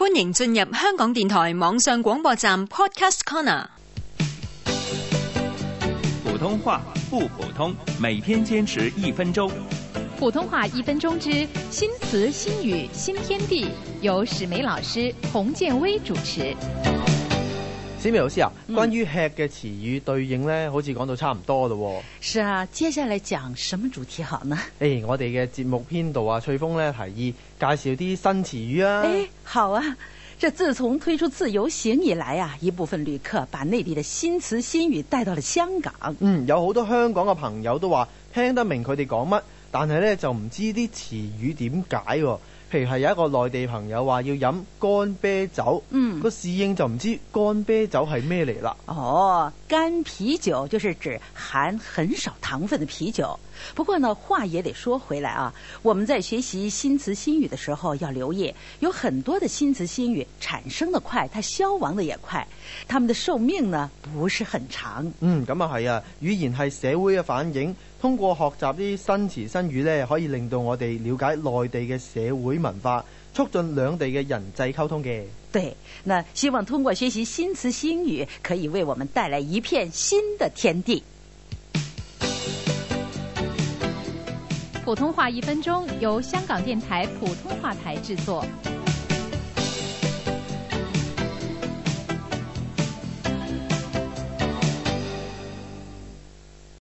歡迎進入香港電台網上廣播站 Podcast Corner。普通話不普通，每天堅持一分鐘。普通話一分鐘之新詞新語新天地，由史梅老師洪建威主持。史梅老師啊，嗯、關於吃嘅詞語對應咧，好似講到差唔多咯。是啊，接下來講什麼主題好呢？誒、哎，我哋嘅節目編導啊，翠峰咧提議介紹啲新詞語啊。哎好啊，這自從推出自由行以來啊，一部分旅客把內地的新詞新語帶到了香港。嗯，有好多香港嘅朋友都話聽得明佢哋講乜，但係咧就唔知啲詞語點解。譬如係有一個內地朋友話要飲乾啤酒，嗯，個侍應就唔知乾啤酒係咩嚟啦。哦，乾啤酒就是指含很少糖分的啤酒。不過呢，話也得說回來啊，我們在學習新詞新語的時候要留意，有很多。的新詞新語產生得快，它消亡得也快，他們的壽命呢不是很長。嗯，咁啊係啊，語言係社會嘅反映，通過學習啲新詞新語呢，可以令到我哋了解內地嘅社會文化，促進兩地嘅人際溝通嘅。對，那希望通過學習新詞新語，可以為我們帶來一片新的天地。普通話一分鐘，由香港電台普通話台製作。